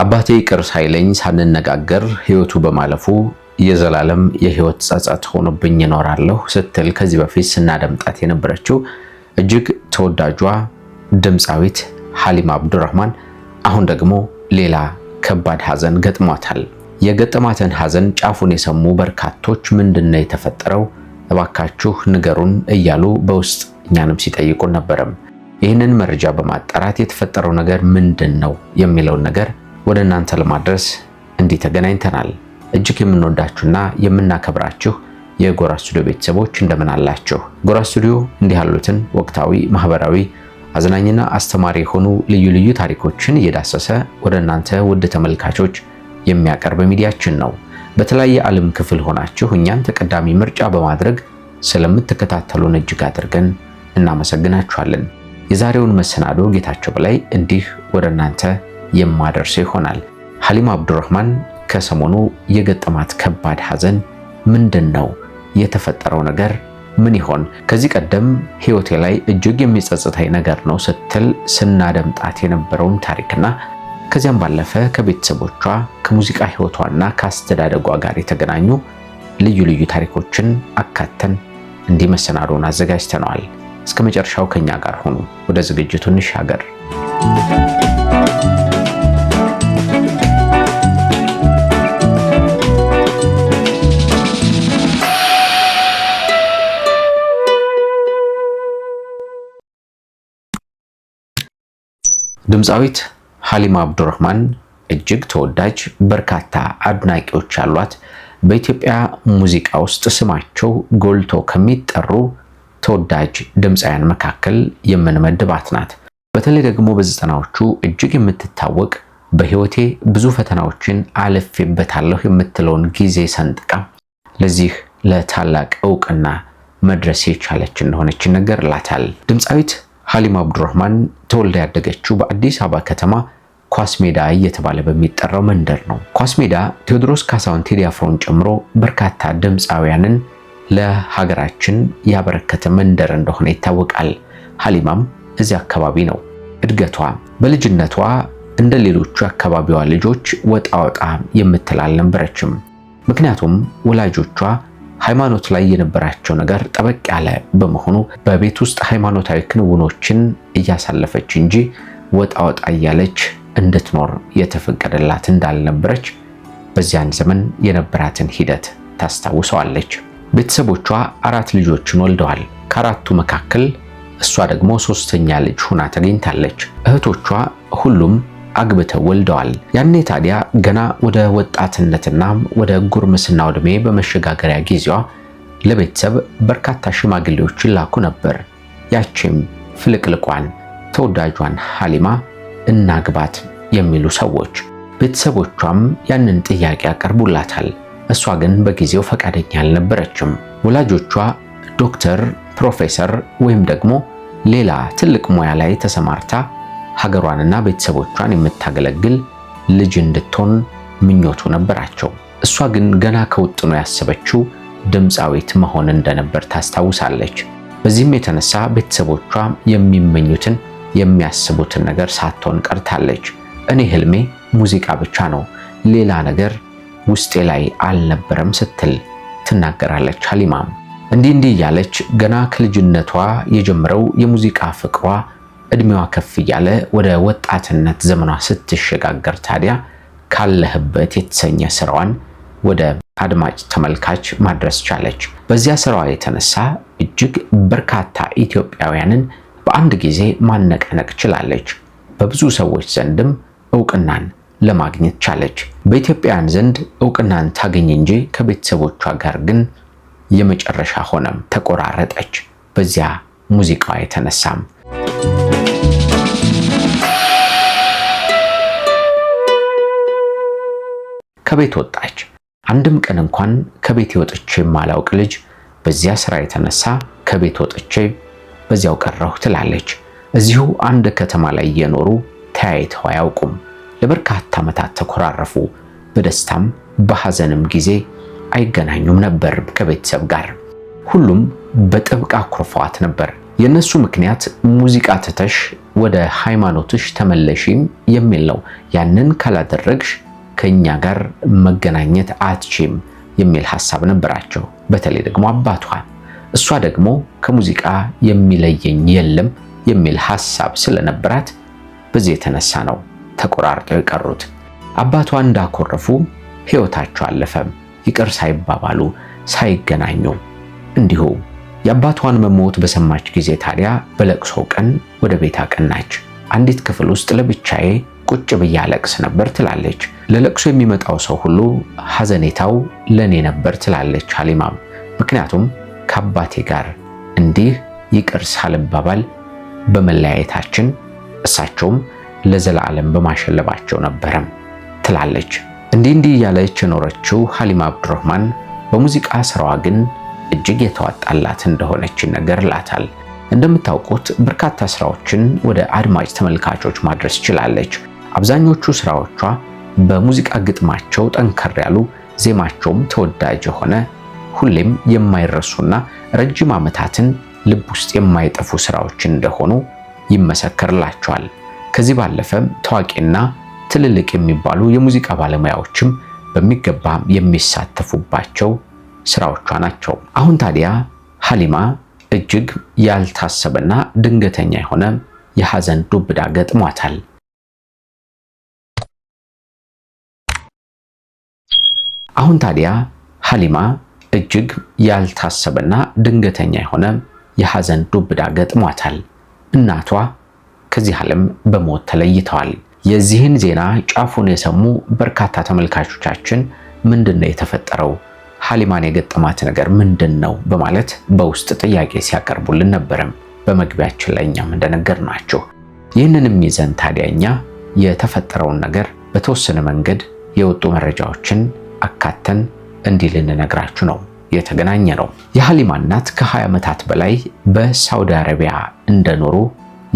አባቴ ይቅር ሳይለኝ ሳንነጋገር ህይወቱ በማለፉ የዘላለም የህይወት ጸጸት ሆኖብኝ እኖራለሁ ስትል ከዚህ በፊት ስናደምጣት የነበረችው እጅግ ተወዳጇ ድምፃዊት ሀሊማ አብዱራህማን አሁን ደግሞ ሌላ ከባድ ሀዘን ገጥሟታል። የገጠማትን ሀዘን ጫፉን የሰሙ በርካቶች ምንድን ነው የተፈጠረው? እባካችሁ ንገሩን እያሉ በውስጥ እኛንም ሲጠይቁን ነበረም። ይህንን መረጃ በማጣራት የተፈጠረው ነገር ምንድን ነው የሚለውን ነገር ወደ እናንተ ለማድረስ እንዲህ ተገናኝተናል። እጅግ የምንወዳችሁና የምናከብራችሁ የጎራ ስቱዲዮ ቤተሰቦች እንደምን አላችሁ? ጎራ ስቱዲዮ እንዲህ ያሉትን ወቅታዊ፣ ማህበራዊ፣ አዝናኝና አስተማሪ የሆኑ ልዩ ልዩ ታሪኮችን እየዳሰሰ ወደ እናንተ ውድ ተመልካቾች የሚያቀርብ ሚዲያችን ነው። በተለያየ ዓለም ክፍል ሆናችሁ እኛን ተቀዳሚ ምርጫ በማድረግ ስለምትከታተሉን እጅግ አድርገን እናመሰግናችኋለን። የዛሬውን መሰናዶ ጌታቸው በላይ እንዲህ ወደ እናንተ የማደርሰው ይሆናል። ሀሊማ አብዱራህማን ከሰሞኑ የገጠማት ከባድ ሐዘን ምንድን ነው? የተፈጠረው ነገር ምን ይሆን? ከዚህ ቀደም ሕይወቴ ላይ እጅግ የሚጸጽታይ ነገር ነው ስትል ስናደምጣት የነበረውን ታሪክና ከዚያም ባለፈ ከቤተሰቦቿ ከሙዚቃ ሕይወቷና ከአስተዳደጓ ጋር የተገናኙ ልዩ ልዩ ታሪኮችን አካተን እንዲህ መሰናዶን አዘጋጅተነዋል። እስከ መጨረሻው ከኛ ጋር ሆኑ። ወደ ዝግጅቱ እንሻገር። ድምፃዊት ሀሊማ አብዱራህማን እጅግ ተወዳጅ፣ በርካታ አድናቂዎች ያሏት በኢትዮጵያ ሙዚቃ ውስጥ ስማቸው ጎልቶ ከሚጠሩ ተወዳጅ ድምፃውያን መካከል የምንመድባት ናት። በተለይ ደግሞ በዘጠናዎቹ እጅግ የምትታወቅ በህይወቴ ብዙ ፈተናዎችን አልፌበታለሁ የምትለውን ጊዜ ሰንጥቃ ለዚህ ለታላቅ እውቅና መድረስ የቻለች እንደሆነች ይነገርላታል። ድምፃዊት ሀሊማ አብዱራህማን ተወልዳ ያደገችው በአዲስ አበባ ከተማ ኳስ ሜዳ እየተባለ በሚጠራው መንደር ነው። ኳስ ሜዳ ቴዎድሮስ ካሳሁን ቴዲ አፍሮን ጨምሮ በርካታ ድምፃውያንን ለሀገራችን ያበረከተ መንደር እንደሆነ ይታወቃል። ሀሊማም እዚህ አካባቢ ነው እድገቷ። በልጅነቷ እንደ ሌሎቹ የአካባቢዋ ልጆች ወጣ ወጣ የምትል አልነበረችም። ምክንያቱም ወላጆቿ ሃይማኖት ላይ የነበራቸው ነገር ጠበቅ ያለ በመሆኑ በቤት ውስጥ ሃይማኖታዊ ክንውኖችን እያሳለፈች እንጂ ወጣ ወጣ እያለች እንድትኖር የተፈቀደላት እንዳልነበረች በዚያን ዘመን የነበራትን ሂደት ታስታውሰዋለች። ቤተሰቦቿ አራት ልጆችን ወልደዋል። ከአራቱ መካከል እሷ ደግሞ ሶስተኛ ልጅ ሆና ተገኝታለች። እህቶቿ ሁሉም አግብተው ወልደዋል። ያኔ ታዲያ ገና ወደ ወጣትነትና ወደ ጉርምስና ዕድሜ በመሸጋገሪያ ጊዜዋ ለቤተሰብ በርካታ ሽማግሌዎች ይላኩ ነበር። ያቺም ፍልቅልቋን ተወዳጇን ሀሊማ እናግባት የሚሉ ሰዎች ቤተሰቦቿም ያንን ጥያቄ ያቀርቡላታል። እሷ ግን በጊዜው ፈቃደኛ አልነበረችም። ወላጆቿ ዶክተር፣ ፕሮፌሰር ወይም ደግሞ ሌላ ትልቅ ሙያ ላይ ተሰማርታ ሀገሯንና ቤተሰቦቿን የምታገለግል ልጅ እንድትሆን ምኞቱ ነበራቸው። እሷ ግን ገና ከውጥኖ ያሰበችው ድምፃዊት መሆን እንደነበር ታስታውሳለች። በዚህም የተነሳ ቤተሰቦቿ የሚመኙትን የሚያስቡትን ነገር ሳትሆን ቀርታለች። እኔ ህልሜ ሙዚቃ ብቻ ነው፣ ሌላ ነገር ውስጤ ላይ አልነበረም ስትል ትናገራለች። ሀሊማም እንዲህ እንዲህ እያለች ገና ከልጅነቷ የጀመረው የሙዚቃ ፍቅሯ እድሜዋ ከፍ እያለ ወደ ወጣትነት ዘመኗ ስትሸጋገር ታዲያ ካለህበት የተሰኘ ስራዋን ወደ አድማጭ ተመልካች ማድረስ ቻለች። በዚያ ስራዋ የተነሳ እጅግ በርካታ ኢትዮጵያውያንን በአንድ ጊዜ ማነቃነቅ ችላለች። በብዙ ሰዎች ዘንድም እውቅናን ለማግኘት ቻለች። በኢትዮጵያውያን ዘንድ እውቅናን ታገኝ እንጂ ከቤተሰቦቿ ጋር ግን የመጨረሻ ሆነም ተቆራረጠች። በዚያ ሙዚቃዋ የተነሳም ከቤት ወጣች። አንድም ቀን እንኳን ከቤት ወጥቼ የማላውቅ ልጅ በዚያ ስራ የተነሳ ከቤት ወጥቼ በዚያው ቀረሁ ትላለች። እዚሁ አንድ ከተማ ላይ እየኖሩ ተያይተው አያውቁም። ለበርካታ ዓመታት ተኮራረፉ። በደስታም በሐዘንም ጊዜ አይገናኙም ነበር ከቤተሰብ ጋር። ሁሉም በጥብቅ አኩርፈዋት ነበር። የእነሱ ምክንያት ሙዚቃ ትተሽ ወደ ሃይማኖትሽ ተመለሺም የሚል ነው። ያንን ካላደረግሽ ከእኛ ጋር መገናኘት አትችም የሚል ሀሳብ ነበራቸው። በተለይ ደግሞ አባቷ እሷ ደግሞ ከሙዚቃ የሚለየኝ የለም የሚል ሀሳብ ስለነበራት በዚህ የተነሳ ነው ተቆራርጠው የቀሩት። አባቷ እንዳኮረፉ ሕይወታቸው አለፈም። ይቅር ሳይባባሉ ሳይገናኙ እንዲሁ። የአባቷን መሞት በሰማች ጊዜ ታዲያ በለቅሶ ቀን ወደ ቤት አቀናች። አንዲት ክፍል ውስጥ ለብቻዬ ቁጭ ብዬ አለቅስ ነበር ትላለች። ለለቅሶ የሚመጣው ሰው ሁሉ ሐዘኔታው ለእኔ ነበር ትላለች ሀሊማም። ምክንያቱም ከአባቴ ጋር እንዲህ ይቅር ሳልባባል በመለያየታችን እሳቸውም ለዘላለም በማሸለባቸው ነበረም ትላለች። እንዲህ እንዲህ እያለች የኖረችው ሀሊማ አብዱረህማን በሙዚቃ ስራዋ ግን እጅግ የተዋጣላት እንደሆነች ይነገርላታል። እንደምታውቁት በርካታ ስራዎችን ወደ አድማጭ ተመልካቾች ማድረስ ችላለች። አብዛኞቹ ስራዎቿ በሙዚቃ ግጥማቸው ጠንከር ያሉ፣ ዜማቸውም ተወዳጅ የሆነ ሁሌም የማይረሱና ረጅም ዓመታትን ልብ ውስጥ የማይጠፉ ስራዎች እንደሆኑ ይመሰከርላቸዋል። ከዚህ ባለፈም ታዋቂና ትልልቅ የሚባሉ የሙዚቃ ባለሙያዎችም በሚገባ የሚሳተፉባቸው ስራዎቿ ናቸው። አሁን ታዲያ ሀሊማ እጅግ ያልታሰበና ድንገተኛ የሆነ የሐዘን ዱብዳ ገጥሟታል። አሁን ታዲያ ሀሊማ እጅግ ያልታሰበና ድንገተኛ የሆነ የሐዘን ዱብዳ ገጥሟታል። እናቷ ከዚህ ዓለም በሞት ተለይተዋል። የዚህን ዜና ጫፉን የሰሙ በርካታ ተመልካቾቻችን ምንድን ነው የተፈጠረው? ሀሊማን የገጠማት ነገር ምንድን ነው? በማለት በውስጥ ጥያቄ ሲያቀርቡልን ነበረም። በመግቢያችን ላይ እኛም ናቸው። ይህንንም ይዘን ታዲያ እኛ የተፈጠረውን ነገር በተወሰነ መንገድ የወጡ መረጃዎችን አካተን እንዲህ ልንነግራችሁ ነው የተገናኘ ነው። የሀሊማ እናት ከ20 ዓመታት በላይ በሳውዲ አረቢያ እንደኖሩ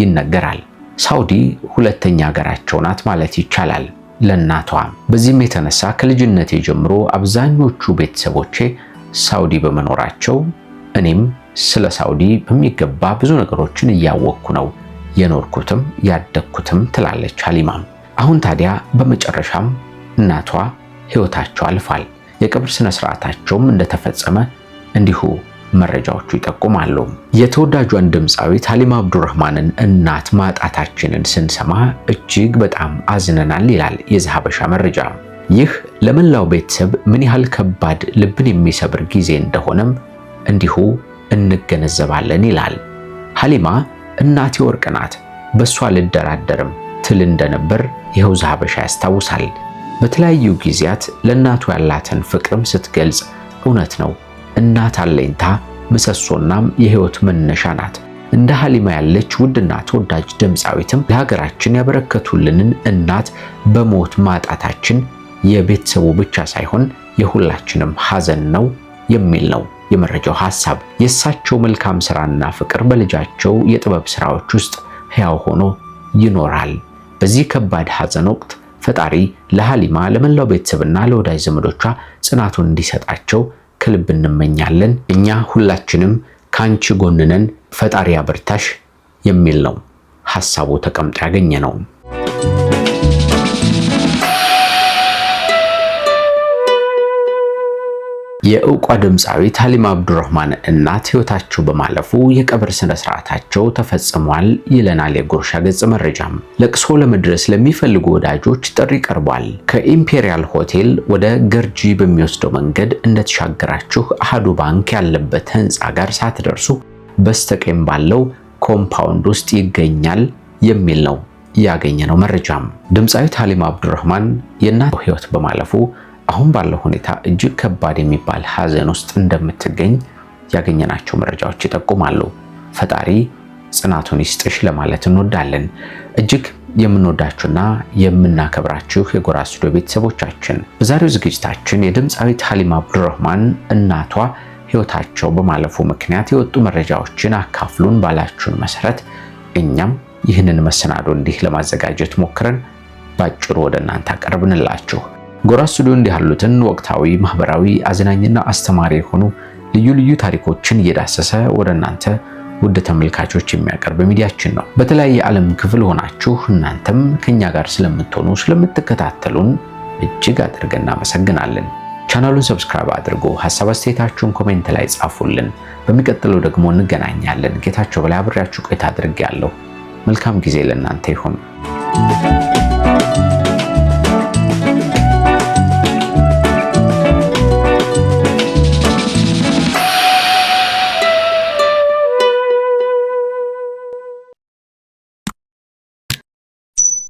ይነገራል። ሳውዲ ሁለተኛ ሀገራቸው ናት ማለት ይቻላል ለእናቷ። በዚህም የተነሳ ከልጅነቴ ጀምሮ አብዛኞቹ ቤተሰቦቼ ሳውዲ በመኖራቸው እኔም ስለ ሳውዲ በሚገባ ብዙ ነገሮችን እያወቅኩ ነው የኖርኩትም ያደግኩትም ትላለች ሀሊማ። አሁን ታዲያ በመጨረሻም እናቷ ህይወታቸው አልፏል። የቀብር ስነ ስርዓታቸውም እንደተፈጸመ እንዲሁ መረጃዎቹ ይጠቁማሉ። የተወዳጇን ድምፃዊት ሀሊማ ረህማንን እናት ማጣታችንን ስንሰማ እጅግ በጣም አዝነናል ይላል የዛሀበሻ መረጃ። ይህ ለመላው ቤተሰብ ምን ያህል ከባድ ልብን የሚሰብር ጊዜ እንደሆነም እንዲሁ እንገነዘባለን ይላል። ሀሊማ እናቴ ወርቅ ናት፣ በእሷ ልደራደርም ትል እንደነበር ይኸው ያስታውሳል። በተለያዩ ጊዜያት ለእናቱ ያላትን ፍቅርም ስትገልጽ እውነት ነው እናት አለኝታ ምሰሶናም የህይወት መነሻ ናት። እንደ ሀሊማ ያለች ውድና ተወዳጅ ድምፃዊትም ለሀገራችን ያበረከቱልንን እናት በሞት ማጣታችን የቤተሰቡ ብቻ ሳይሆን የሁላችንም ሀዘን ነው የሚል ነው የመረጃው ሐሳብ። የእሳቸው መልካም ስራና ፍቅር በልጃቸው የጥበብ ስራዎች ውስጥ ሕያው ሆኖ ይኖራል። በዚህ ከባድ ሀዘን ወቅት ፈጣሪ ለሀሊማ ለመላው ቤተሰብና ለወዳጅ ዘመዶቿ ጽናቱን እንዲሰጣቸው ከልብ እንመኛለን። እኛ ሁላችንም ከአንቺ ጎንነን ፈጣሪ አበርታሽ የሚል ነው ሀሳቡ ተቀምጦ ያገኘ ነው። የእውቋ ድምፃዊት ሀሊማ አብዱረህማን እናት ህይወታቸው በማለፉ የቀብር ስነ ስርዓታቸው ተፈጽሟል ይለናል የጎርሻ ገጽ መረጃም። ለቅሶ ለመድረስ ለሚፈልጉ ወዳጆች ጥሪ ቀርቧል። ከኢምፔሪያል ሆቴል ወደ ገርጂ በሚወስደው መንገድ እንደተሻገራችሁ አሃዱ ባንክ ያለበት ህንፃ ጋር ሳትደርሱ በስተቀኝ ባለው ኮምፓውንድ ውስጥ ይገኛል የሚል ነው ያገኘነው መረጃም። ድምፃዊት ሀሊማ አብዱረህማን የእናት ህይወት በማለፉ አሁን ባለው ሁኔታ እጅግ ከባድ የሚባል ሀዘን ውስጥ እንደምትገኝ ያገኘናቸው መረጃዎች ይጠቁማሉ። ፈጣሪ ጽናቱን ይስጥሽ ለማለት እንወዳለን። እጅግ የምንወዳችሁና የምናከብራችሁ የጎራ ስቱዲዮ ቤተሰቦቻችን በዛሬው ዝግጅታችን የድምፃዊት ሀሊማ አብዱረህማን እናቷ ሕይወታቸው በማለፉ ምክንያት የወጡ መረጃዎችን አካፍሉን ባላችሁን መሰረት እኛም ይህንን መሰናዶ እንዲህ ለማዘጋጀት ሞክረን ባጭሩ ወደ እናንተ አቀርብንላችሁ። ጎራ ስቱዲዮ እንዲህ ያሉትን ወቅታዊ፣ ማህበራዊ፣ አዝናኝና አስተማሪ የሆኑ ልዩ ልዩ ታሪኮችን እየዳሰሰ ወደ እናንተ ውድ ተመልካቾች የሚያቀርብ ሚዲያችን ነው። በተለያየ ዓለም ክፍል ሆናችሁ እናንተም ከኛ ጋር ስለምትሆኑ ስለምትከታተሉን እጅግ አድርገን እናመሰግናለን። ቻናሉን ሰብስክራይብ አድርጎ ሀሳብ አስተያየታችሁን ኮሜንት ላይ ጻፉልን። በሚቀጥለው ደግሞ እንገናኛለን። ጌታቸው በላይ አብሬያችሁ ቆይታ አድርጌያለሁ። መልካም ጊዜ ለእናንተ ይሁን።